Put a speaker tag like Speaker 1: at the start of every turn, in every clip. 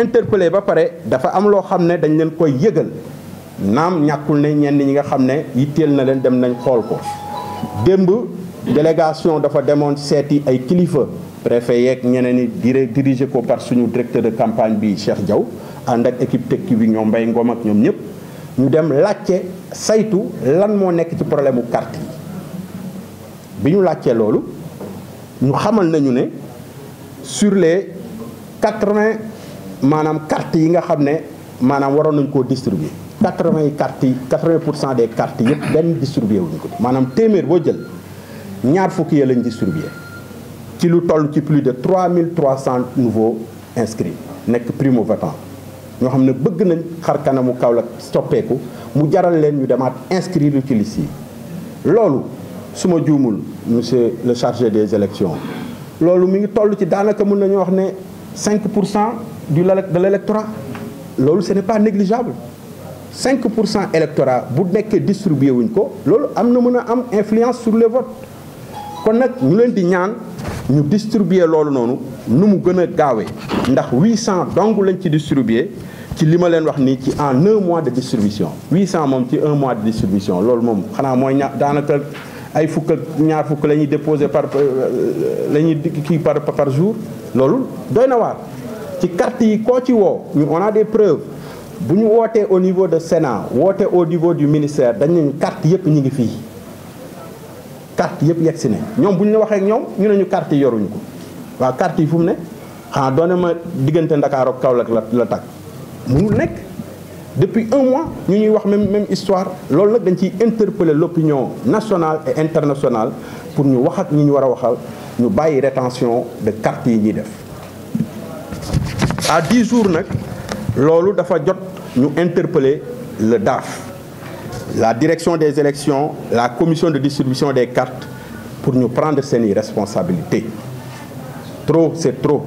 Speaker 1: interpellé ba pare dafa am loo xam ne dañu leen koy yëgal naam ñàkkul ne ñenn ñi nga xam ne yitteel na leen dem nañ xool ko démb délégation dafa demoon seeti ay kilifa préfet yeeg ñeneen ñi diré dirigé ko par suñu directeur de campagne bi Cheikh jaw ànd ak équipe tekki bi ñoom mbay ngoom ak ñoom ñëpp ñu dem laajte saytu lan moo nekk ci problème mu carte yi bi ñu laajtee loolu ñu xamal nañu ne sur les quatre maanaam carte yi nga xam ne maanaam waroon nañ koo distribuer quatre-vingts cartes yi quatre-vingts pour cent des cartes yëpp benn distribuer wuñ ko maanaam téeméer boo jël ñaar fukki ya lañ distribuer ci lu toll ci plus de trois 3300 nouveaux inscrits nekk primo votant ñoo xam ne bëgg nañ xar kanamu Kaolack soppeeku mu jaral leen ñu demaat inscrire ci liste yi loolu su ma juumul monsieur le chargé des élections loolu mi ngi toll ci daanaka mën nañu wax ne cinq pour cent du de l'électorat loolu ce n'est pas négligeable pour cent électorat bu nekkee distribué wuñ ko loolu am na mën a am influence sur les votes kon nag ñu leen di ñaan ñu distribuer loolu noonu nu mu gën a gaawee ndax 800 dong lañ ci distribuer ci li ma leen wax nii ci en un mois de distribution 800 moom ci un mois de distribution loolu moom xanaa mooy ña daanaka ay fukk ñaar fukk la ñuy déposé par euh, la ñuy kii par par jour loolu doy na ci carte yi koo ci woo on a des preuves bu ñu wootee au niveau de Sénat woote au niveau du ministère dañ nañu carte yëpp ñu ngi fii carte yëpp yegg si ne ñoom bu ñu la waxee ñoom ñu ne ñu carte yi yoruñu ko waa carte yi fu mu ne xanaa doone ma diggante ndakaaru ak Kaolack la la tàkk munul nekk depuis un mois ñu ñuy wax même même histoire loolu nag dañ ciy interpeller l'opinion nationale et internationale pour ñu wax ak ñi ñu war a waxal ñu bàyyi rétention de carte yi ñuy def à dix jours nag loolu dafa jot ñu interpeller le DAF la direction des élections la commission de distribution des cartes pour ñu prendre seeni responsabilité trop c'est trop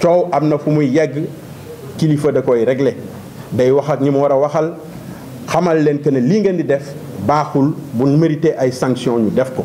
Speaker 1: coow am na fu muy yegg kilifa da koy regle day wax ñi mu war a waxal xamal leen que ne lii ngeen di def baaxul bu mérité ay sanctions ñu def ko